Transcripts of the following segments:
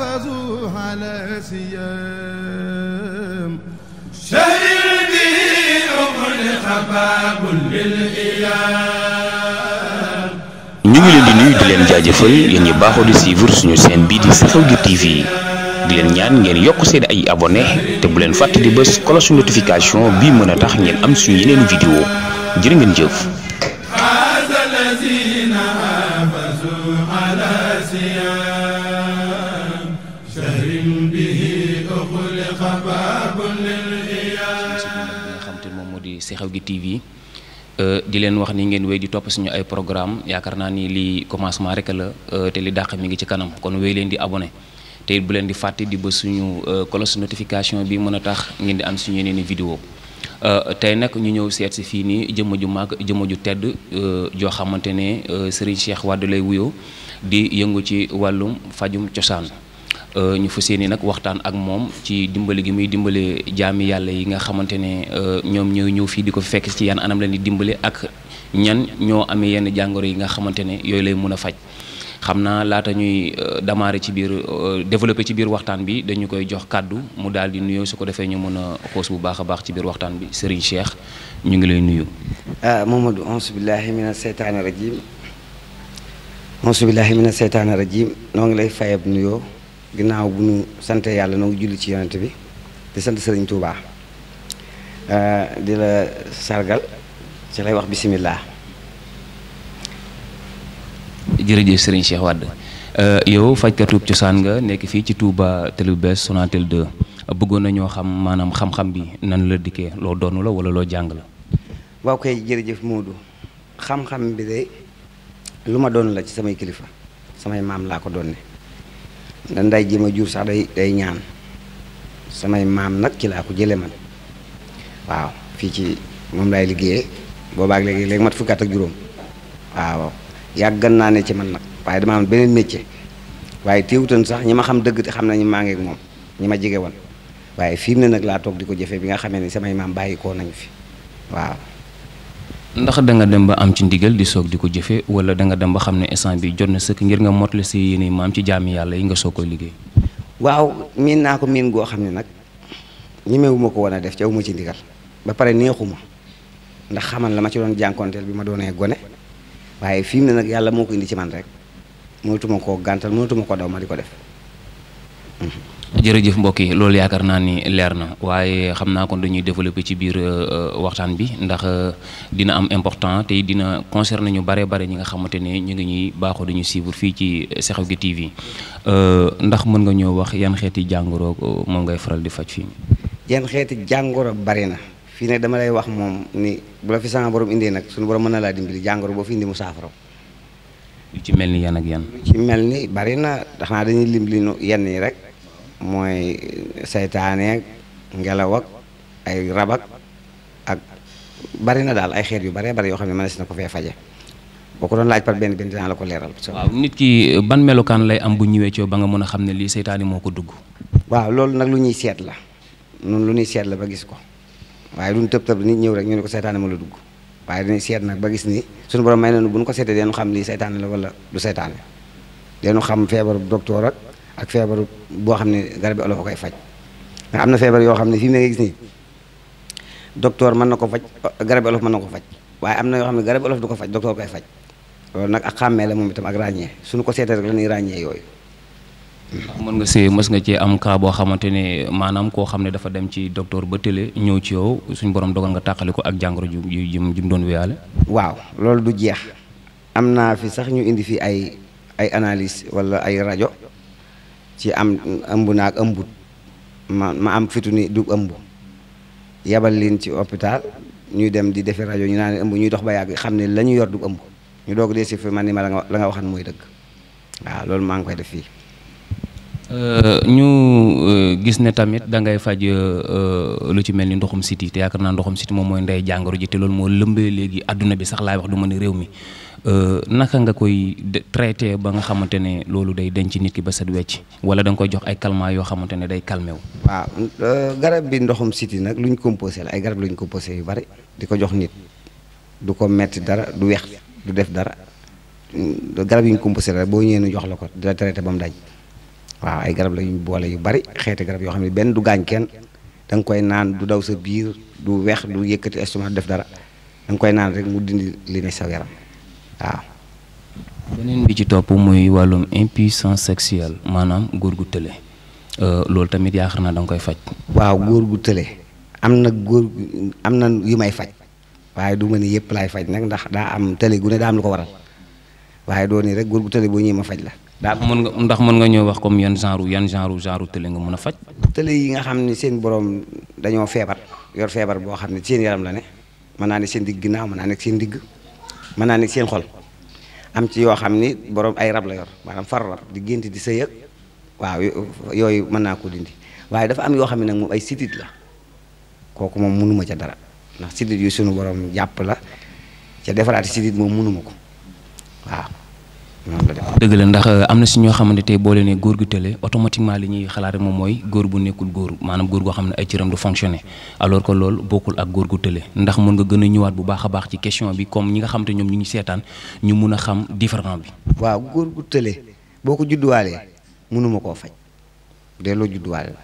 حافظوا على leen di nuyu di leen jaajëfal yéen ñi baaxoo di suivre suñu seen bi di Xew gi TV di leen ñaan ngeen yokk seen ay abone te bu leen fàtte di bës cloche notification bii mën a tax ngeen am suñu yeneen vidéo jërë ngeen jëf. ci si xew gi TV euh, di leen wax ni ngeen wéy di topp suñu ay programme yaakaar naa ni lii commencement rek la euh, te li dàq mi ngi ci kanam kon wéy leen di abone te bu leen di fàtte di ba suñu euh, cloche notification bi mën a tax ngeen di am suñu yeneen i vidéo tey nag ñu ñëw seet si fii nii jëmm ju mag jëmm ju tedd joo xamante ne Serigne Cheikh Wade lay wuyoo di yëngu ci wàllum fajum cosaan Euh, ñu fas yéene nag waxtaan ak moom ci dimbali gi muy dimbale jaami yàlla yi nga xamante ne euh, ñoom ñooy ñëw fii di ko fekk ci yan anam leen di dimbale ak ñan ñoo amee yenn jàngoro yi nga xamante ne yooyu lay mun a faj xam naa laata ñuy euh, démarrer ci biir développer ci biir waxtaan bi dañu koy jox kàddu mu daal di nuyoo su ko defee ñu mën a xoos bu baax a baax ci biir waxtaan bi Serigne Cheikh ñu ngi lay nuyu. ah Mamadou auzu billahi mina seytaani rajim auzu billahi noo ngi lay fayab nuyoo. ginnaaw bu ñu sante yàlla noo julli ci yonent bi di sant sëriñ Touba eh, di la sargal ci lay wax bisimilah. jërëjëf sëriñ Cheikh Wade eh, yow fajkatub cosaan nga nekk fii ci tuuba Télé bu bees Sonatel 2 bëggoon nañoo xam maanaam xam-xam bi nan la dikkee loo doonu la wala loo jàng la. waaw kay jërëjëf Moodu xam-xam bi de lu ma doon la ci samay kilifa samay maam laa ko doon ndax nday ji jur sax day day ñaan samay maam nag ci laa ko jële man waaw fii ci moom laay liggéeyee boobaak léegi léegi mat fukkaat ak juróom waaw yàggan naa ne ci man nag waaye dama am beneen métier waaye téewutan sax ñi ma xam dëgg te xam nañu maa ngi ak moom ñi ma jege woon waaye fii mu ne nag laa toog di ko jëfee bi nga xamee ni samay maam bàyyi koo nañu fi waaw ndax da nga dem ba am ci ndigal di soog di ko jëfe wala da nga dem ba xam ne instant bi jot na sëkk ngir nga mottali si yéene maam ci jaami yàlla yi nga soog liggéey. waaw miin naa ko miin goo xam ne nag ñemewuma ko woon a def ca awuma ci ndigal ba pare neexuma ndax xaman la ma ci doon jànkonteel bi ma doonee gone waaye fi ne nag yàlla moo ko indi ci man rek mënatuma koo gàntal mënatuma koo daw ma di ko def. Mhm. jërëjëf mbokk yi loolu yaakaar naa ni leer na waaye xam naa kon dañuy développer ci biir euh, waxtaan bi ndax euh, dina am important tey dina concerner ñu bare bare ñi nga xamante ne ñu ñuy baaxoo dañu suivre fii ci Sekhawgui gi TV euh, ndax mën nga ñoo wax yan xeeti jàngoro moom ngay faral di faj fii. yan xeeti jàngoro bari na fii ne dama lay wax moom ni bu la fi sama borom indee nag suñu borom mën na laa dimbali jàngoro boo fi indi mu saafara. yu ci mel ni yan ak yan. mel yenn rek. mooy saytaaneeg ngelaw ak ay rabak ak bari na daal ay xeet yu baree bari yoo xam ne mënees na ko fee faje boo ko doon laaj par benn benn dinaa la ko leeral. waaw nit ki ban melokaan lay am bu ñëwee ci ba nga mën a xam ne lii saytaane moo ko dugg. waaw loolu nag lu ñuy seet la ñun lu nuy seet la ba gis ko waaye duñ tëb tëb nit ñëw rek ñu ne ko saytaane ma la dugg waaye dañuy seet nag ba gis ni suñu borom may nañu bu ñu ko seetee dañu xam lii saytaane la walla du saytaane dañu xam feebaru docteur ak. ak feebaru boo xam ne garabi olof a koy faj ndax am na feebar yoo xam ne fii ma nga gis nii docteur mën na ko faj garabi olof mën na ko faj waaye am na yoo xam ne garabi olof du ko faj docteur koy faj loolu nag ak la moom itam ak ràññee suñu ko seetee rek la ñuy mën nga see mës nga cee am cas boo xamante ne maanaam koo xam ne dafa dem ci docteur ba télé ñëw ci yow suñu borom dogal nga tàqali ko ak jàngoro ju ju ju mu doon wéyaale waaw loolu du jeex am naa fi sax ñu indi fi ay ay analyse wala ay rajo ci am ëmbu nak ëmbut ma ma am fituni ni du ëmb yabal leen ci hôpital ñu dem di defi radio ñu naan ëmbu ñuy dox ba yag xam lañu la yor du ëmbu ñu doog dé si fi man ni ma la nga waxan moy dëgg wa lool ma ngi koy def fii. Euh, ñu euh, gis ne tamit da ngay faj euh, lu ci melni ndoxum siti te yakarna ndoxum siti mo moy ndey jàngoro ji te mo moo lëmbee léegi bi sax lay wax du ma réew mi. Euh, naka nga koy traité ba nga xamante ne loolu day denc nit ki ba set wecc wala da nga koy jox ay calmants yoo xamante ne day calmé wu. waaw euh, garab bi ndoxum siti nag lu ñu composé la ay garab luñ composé yu bari di ko jox nit du ko metti dara du weex du def dara mm, garab yi ñu composé la boo ñëwee ñu jox la ko di la traité ba mu dañ waaw ay garab la ñu boole yu bari xeeti garab yoo xam ne benn du gaañ kenn da nga koy naan du daw sa biir du weex du yëkkati estomac du def dara da koy naan rek mu dindi li ne sa yaram. waaw. beneen ci topp muy wàllum impuissance sexuelle maanaam góor gu tële euh, loolu tamit yaakaar naa da nga koy faj. waaw góor gu tële am na góor am na yu may faj waaye du ma ni yëpp laay faj nag ndax daa am tële gu ne daa am lu ko waral waaye doo nii rek góor gu tële boo ñëwee ma faj la. daa mën nga ndax mën nga ñëw wax comme yan genre yan genre genre tële nga mën a faj. tële yi nga xam ne seen borom dañoo feebar yor feebar boo xam ne seen yaram la ne mën naa ne seen digg ginnaaw mën naa nekk seen digg. mën naa ne seen xol am ci yoo xam ni borom ay rab la yor maanaam far rab di gént di sëy ak waaw yooyu mën naa ko dindi waaye dafa am yoo xam ne nag moom ay sidit la kooku moom mënuma ca dara ndax sidit yu sunu borom jàpp la ca defaraati sidit moom mënuma ko waaw dëgg la ndax euh, am na si ñoo xamante tey boo leen góor gu tële automatiquement li ñuy xalaat moom mooy góor bu nekkul góor maanaam góor goo xam ne ay cëram du fonctionné alors que loolu bokkul ak góor gu tële ndax mën nga gën a ñëwaat bu baax a baax ci question bi comme ñi nga xam te ñoom ñu ngi seetaan ñu mun a xam différent bi. waaw góor gu tële boo ko judduwaalee mënuma koo faj dee loo judduwaale la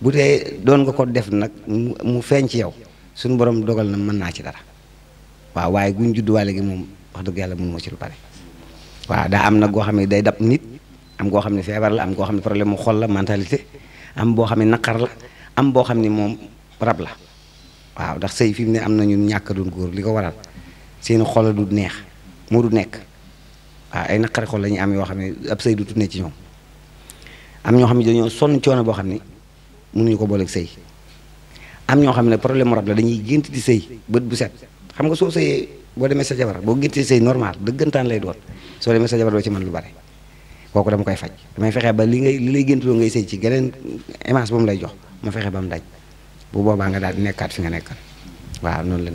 bu dee doon nga ko def nag mu feeñ ci yow suñu borom dogal na mën naa ci dara waaw waaye guñ judduwaale gi moom wax dëgg yàlla mënuma ci lu bare waaw daa am na goo xam ne day dab nit am goo xam ne feebar la am goo xam ne problème mu xol la mentalité am boo xam ne naqar la am boo xam ne moom rab la waaw ndax sëy fi mu ne am na ñun góor li ko waral seen xol du neex moo nekk waaw ay naqari la ñuy am yoo xam ne ab sëy du am ñoo xam ne dañoo sonn coono boo xam ne mënuñu ko booleeg sëy am ñoo xam ne problème mu rab la dañuy gént di sëy bët bu set xam nga soo sëyee boo demee sa jabar boo géntee sëy normal dëggantaan lay doot soo demee sa ci mën lu bari kooku dama koy faj damay fexe ba li ngay li lay géntuloo ngay sëy ci geneen image bu mu lay jox ma fexe ba mu daj bu boobaa nga daal di nekkaat fi nga nekkan waaw noonu la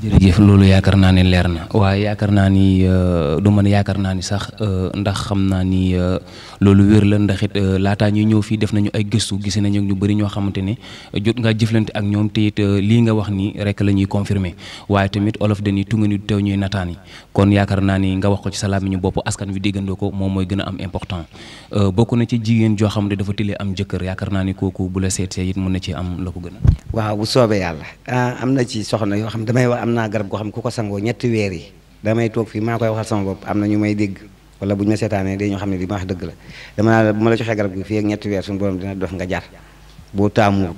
jërëjëf loolu yaakaar ne leer na waaye yaakaar naa ni euh, du man yaakaar naa ni sax euh, ndax xam naa ni euh, loolu wér la ndax it laataa ñuy ñëw fii def nañu ay gëstu gise nañu ñu bëri ñoo xamante ne jot ngaa jëflante ak ñoom te it lii nga wax nii rek la ñuy confirmer waaye tamit olof dañuy tunga ni teew ñuy nataan yi kon yaakaar naa ni nga wax ko ci sa ñu bopp askan wi déggandoo ko moom mooy gën a am important bokk na ci jigéen joo xam ne dafa tëlee am jëkkër yaakaar naa ni kooku bu la it mën na ci am la ko gën a ci soxna yo xam damay wax amna garab go xam kuko sango ñett wër yi damay tok fi maa koy waxal sama bop amna ñu may deg wala buñu ñu ma seetaanee day ñoo xam wax dëgg la dama la buma la joxe garab gi fi ak ñett wër suñu borom dina dox nga jaar bo taamuwut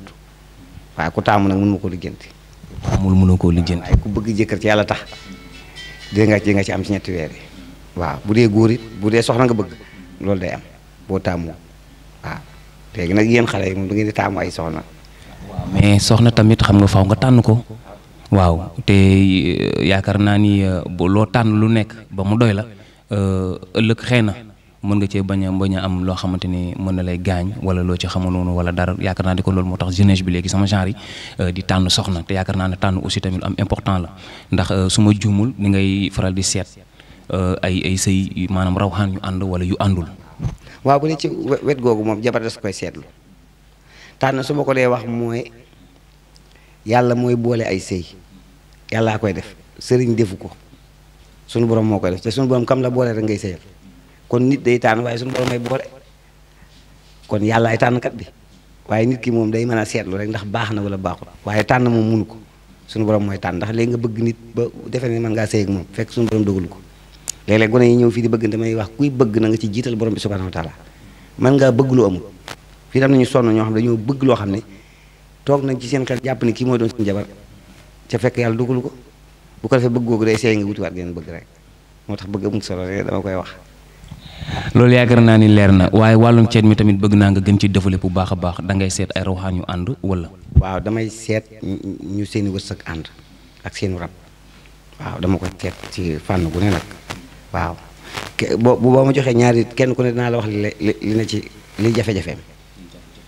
wa ku tamu nak mënu ko lijeenti amul mënu ko lijeenti ay ku bëgg jëkkër ci yalla tax de nga ci nga ci am ci ñett wër yi wa bu dé goor it bu dé soxna nga bëgg lool day am bo tamu wa légui nak yeen xalé yi mu ngi di tamu ay soxna mais soxna tamit xam nga faaw nga tànn ko waaw te euh, yaakaar naa ni euh, loo tànn lu nekk ba mu doy la euh, ëllëg xëy na mën nga cee bañ a bañ am loo xamante ni mën na lay gaañ wala loo ci noonu wala dara yaakaar naa ni ko loolu moo tax jeunesse bi léegi sama genre yi di tànn soxna te yaakaar naa ne tànn aussi tamit am important la ndax suma ma juumul ni ngay faral di seet ay ay sëy maanaam rawxaan yu ànd wala yu àndul. waaw bu ne ci wet googu moom jabar da su koy seetlu. tax na su ma ko dee wax mooy yàlla mooy boole ay sëy yàllaa koy def sëriñ defu ko sunu borom moo koy def te sunu borom kam la boole rek ngay sëyal kon nit day tànn waaye sunu borom ay boole kon yàlla ay tànnkat bi waaye nit ki moom day mën a seetlu rek ndax baax na wala baaxul waaye tànn moom munu ko sunu borom mooy tànn ndax léegi nga bëgg nit ba defe ne mën ngaa sëy moom fekk sunu borom dogalu ko léeg gone yi ñëw fii di bëgg damay wax kuy bëgg na nga ci jiital borom bi subhanahu wa taala mën ngaa bëgg amul fii tam nañu sonn ñoo xam dañoo bëgg loo xam ne toog nañ ci seen xel jàpp ne kii mooy doon seen jabar ca fekk yàlla dugalu ko bu ko defee bëgg googu day seey nga wutiwaat geneen bëgg rek moo tax bëgg amul solo rek dama koy wax loolu yaakaar naa ni leer na waaye wàllum ceet mi tamit bëgg naa nga gën ci développé bu baax a baax da ngay seet ay rawxaan yu ànd wala waaw damay seet ñu seen i ànd ak seen rab waaw dama koy seet ci fànn gu ne nag waaw boo boo ma joxee ñaari kenn ku ne dinaa la wax li li na ci li jafe-jafeem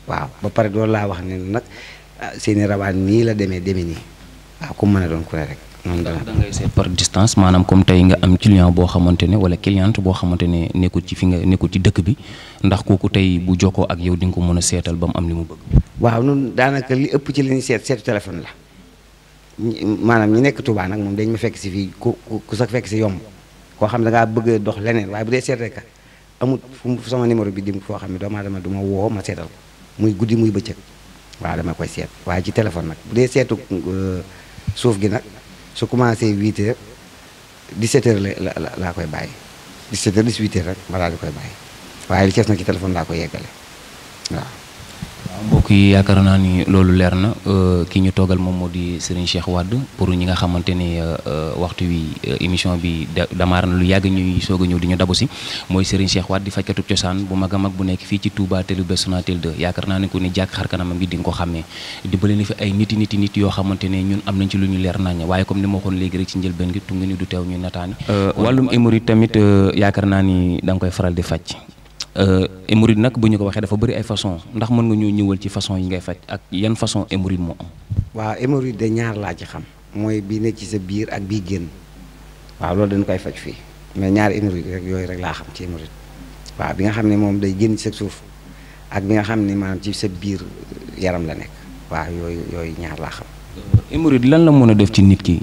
waaw ba pare doo laa wax ne nag ah, seeni nii la demee demee nii waaw ku mën a doon ku ne rek. noonu da ngay seet par distance maanaam comme tey nga am client boo xamante ne wala cliente boo xamante ne nekkul ci fi nga nekkul ci dëkk bi ndax kooku tey bu jokkoo ak yow di nga ko mën a seetal ba mu am li mu bëgg. waaw noonu daanaka li ëpp ci li ñuy seet seetu téléphone la maanaam ñi nekk Touba nag moom dañ ma fekk si fii ku ku sax fekk si yomb koo xam da ngaa bëgg dox leneen waaye bu dee seet rek amut fu sama numéro bi di foo xam ne doomu aadama du ma woo ma seetal ko. muy guddi muy bëccëg waaw dama koy seet waa ji téléphone nag bu dee seetu euh, suuf gi nag su commencé 8 heures 17 la la laa koy bàyyi 17 heures 18 heures rek ma daal di koy bàyyi waaye li cees nag ci téléphone laa koy yeggale waaw mbokk yi yaakaar naa ni loolu leer na euh, ki ñu toogal moom moo di Serigne Cheikh Wade pour ñi nga xamante ni euh, euh, waxtu wi émission bi damaar na lu yàgg ñuy soog a ñëw di ñu dabu si mooy Serigne Cheikh Wade di fajkatub cosaan bu mag a mag bu nekk fii ci Touba te lu bees Sonatel 2 yaakaar naa ne ku ni jàkk xar kanamam gi di nga ko xàmmee dimbale na fi ay niti niti nit yoo xamante ne ñun am nañ ci lu ñu leer nañ waaye comme ni ma waxoon léegi rek ci njëlbeen gi tungi ni du teew ñuy nataani wàllum émori tamit yaakaar naa ni da koy faral di faj hémorroïde euh, nag bu ñu ko waxee dafa bari ay façon ndax mën nga ñoo ñëwal ci façon yi ngay faj ak yan façon hémorroïde moo am. waaw hémorroïde de ñaar laa ci xam. mooy bii ne ci sa biir ak bii génn. waaw loolu dañ koy faj fii mais ñaari hémorroïde rek yooyu rek laa xam ci hémorroïde. waaw bi nga xam ne moom day génn ci suuf ak bi nga xam ne maanaam ci sa biir yaram la nekk. waa yooyu yooyu ñaar laa xam. hémorroïde lan la mën a def ci nit ki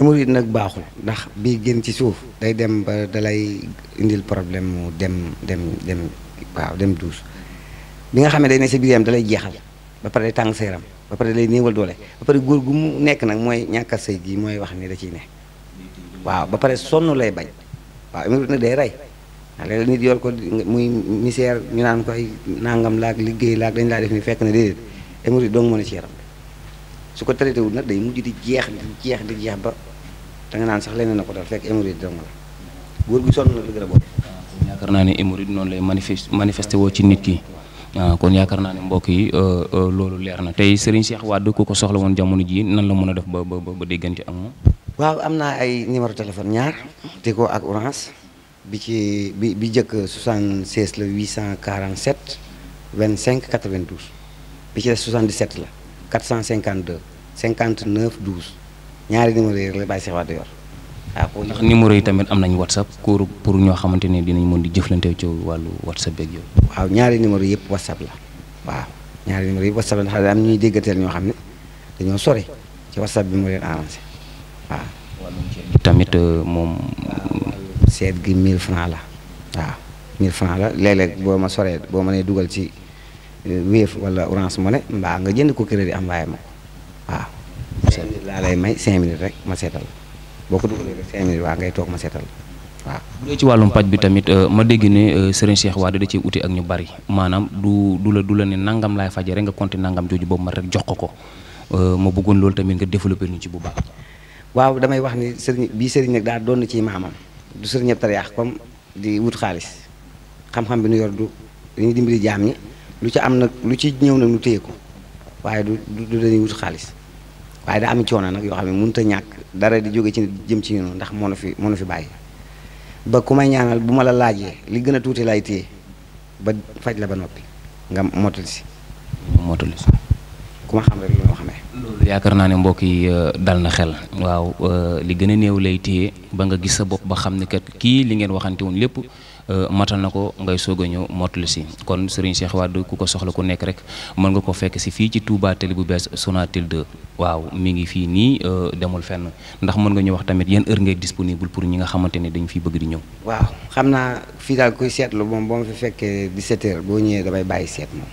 hémorroïde nag baaxul ndax bii génn ci suuf day dem ba dalay indil problème mu dem dem dem dem douche bi nga xam ne day ne sa biir jeexal ba pare day tàng sa yaram doole ba pare nekk nag mooy ñàkk sëy gi mooy wax ni da ciy ne waaw ba pare sonn lay bañ waaw day rey ndax léeg nit yor ko muy misère ñu naan ko nangam laag liggéey laag dañ laa def ni fekk na déedéet hémorroïde dong mën a ci yaram su ko traité nag day mujj di jeex di jeex di jeex ba da nga naan sax leneen na ko dal fekk hémorroïde dong la góor gu sonn la dëgg la boobu. yaakaar naa Konya hémorroïde noonu lay manifeste manifesté woo ci nit ki. Ah, kon yaakaar lawan ne mbokk yi euh, euh, leer na Serigne Cheikh ku ko soxla jamono ji nan la mën a def ba ba ba déggante ak moom. waaw am naa ay numéro téléphone ñaar Tigo ak Orange bi ci bi bi jëkk 76 la 847 25 92 bi ci des 77 la 452 59 12. ñaari numéro yi rek la Baye Cheikh Wade yor waaw. Ah, ndax numéro yi tamit am nañ WhatsApp pour pour ñoo xamante ne dinañ mën di jëflante ci wàllu WhatsApp beeg yow. waaw ñaari numéro yëpp WhatsApp la waa ñaari numéro yëpp WhatsApp la ndax am ñuy déggateel ñoo xam ne dañoo sore ci WhatsApp bi moo leen arrangé waaw. tamit euh, moom. Euh, seet gi 1000 francs la waaw 1000 francs la léeg-léeg boo ma soree boo ma nee dugal ci euh, Wave wala Orange Money mbaa nga jënd ko crédit envoyé ma ko. laa lay may 5 minutes rek ma seetal boo ko dugalee rek 5 minutes waa ngay toog ma seetal waaw. bu dee ci wàllum paj bi tamit euh, ma dégg ne euh, Serigne Cheikh Wade da cee uti ak ñu bari maanaam du du la du la ne nangam laay fajee rek nga compter nangam jooju boobu ma rek jox ko ko euh, ma bëggoon loolu tamit nga développé ñu ci bu baax. waaw damay wax ni Serigne bi Serigne nag daal doon na ci maamam du Serigne Tariyax comme di wut xaalis xam-xam bi nu yor du dañuy dimbali jaam ñi lu ci am nag lu ci ñëw nag nu téye ko waaye du xaalis. waaye daa am coono nag yoo xam ne mënut a ñàkk dara di jóge ci nit jëm ci ñun ndax moonu fi moonu fi bàyyi ba ku may ñaanal bu ma la laajee li gën a tuuti lay téye ba faj la ba noppi nga mottali si mottali si ku ma xam rek lu ma xamee yaakaar naa ne mbokk yi euh, dal na xel waaw euh, li gën a néew lay téye ba nga gis sa bopp ba xam ne kat kii li ngeen waxante woon lépp euh, matal na ko ngay soog a ñëw motul si kon Serigne Cheikh Wade ku ko soxla ku nekk rek mën nga ko fekk si fii ci Touba Télé bu bees Sonatel 2 waaw mi ngi fii nii demul fenn ndax mën nga ñu wax tamit yan heure ngay disponible pour ñi nga xamante ne dañu fiy bëgg di ñëw. waaw xam naa fii daal kuy seetlu moom boo ma fi fekkee 17h boo ñëwee damay bàyyi seet moom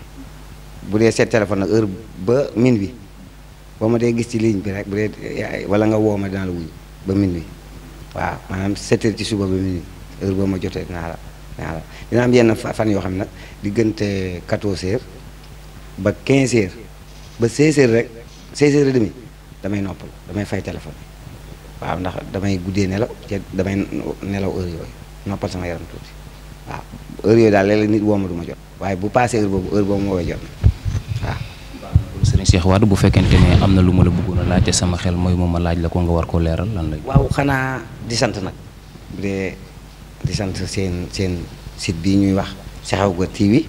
bu dee seet téléphone nag heure ba minuit. boo ma dee gis ci ligne bi rek bu dee wala nga woo ma dinaa la wuyu ba minuit waaw maanaam 7 heures ci suba ba minuit heure boo ma jotee naa la dinaa la dina am yenn fan yoo xam ne nag diggante 14 heures ba 15 heures ba 16 rek 16 heures et demi damay noppal damay fay téléphone waaw ndax damay guddee nelaw te damay nelaw heure yooyu noppal sama yaram tuuti waaw heure yooyu daal léeg nit woo ma du jot waaye bu passé heure boobu heure boobu moo koy jot. serigne Cheikh Wade bu fekkente ne am luma lu ma la bëggoon a sama xel moy moma laaj la ko nga war ko leeral lan lay waaw xana di sante nak bu dee di sante seen seen site bi ñuy wax Sekhawgui Go TV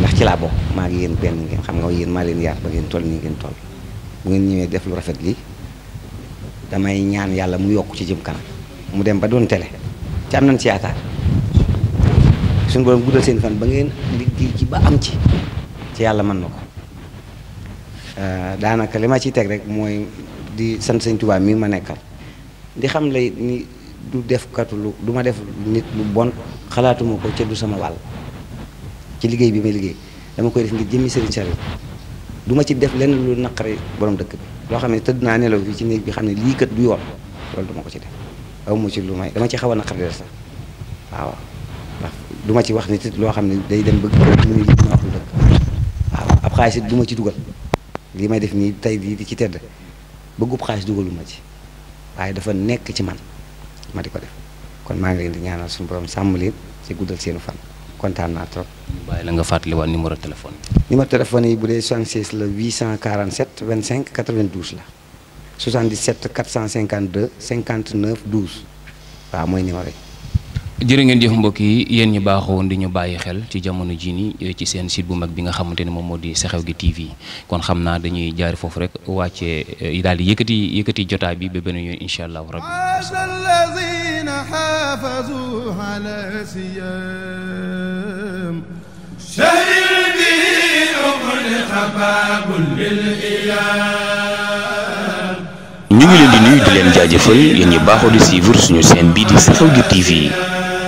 ndax ci la bok ma ngi yeen ben ngeen xam nga yeen ma leen yaar ba ngeen toll ni ngeen toll bu ngeen ñëwé def lu rafet li damay ñaan yalla mu yok ci jëm kanam mu dem ba doon télé ci am nañ ci yaata suñu borom guddal seen fan ba ngeen liggéey ci ba am ci ci yalla man nako Euh, daanaka li ma ciy teg rek mooy di sant sëñ Tuubaa mi ma nekkal di xam lay ni du def katu lu duma def nit lu bon xalaatuma ko ca du sama wàll ci liggéey bi may liggéey dama koy def ngir jëmmi sëriñ Saliou duma ci def lenn lu naqari boroom dëkk bi loo xam ne tëdd naa nelaw fii ci néeg bi xam ne lii kat du yoon loolu du ma ko ci def aw ma ci lu may dama ci xaw a naqari de sax waaw ndax du ci wax nit loo xam ne day dem bëgg lu muy li ma waxul dëkk waaw du ma ci dugal li may def nii tey jii di ci tedd bëggub xaalis dugalu ma ci waaye dafa nekk ci man ma di ko def kon maa ngi leen di ñaanal suñu borom sàmm leen ci guddal seenu fan kontaan naa trop. bàyyi la nga fàttaliwaat numéro téléphone yi. numéro téléphone yi bu dee 76 la 847 25 92 la 77 452 59 12 waaw mooy numéro yi. jërë ngeen jëf mbokk yi yéen ñi baaxoon di ñu bàyyi xel ci jamono ji nii eh, ci seen site bu mag bi nga xamante ne moom moo di Xew gi TV kon xam naa dañuy jaar foofu rek wàccee eh, daal di yëkkati yëkkati jotaay bi ba beneen yoon incha allahu rabbi alladina xaafazu leen di nuyu di leen jaajëfal yéen ñi baaxoo di suivre suñu chaîne bii di Xew gi TV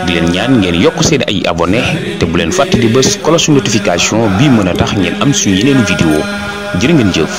di leen ñaan ngeen yokk seen ay abone te bu leen fàtte di bës cloche notification bii mën a tax ngeen am suñu yeneen vidéo jërë ngeen jëf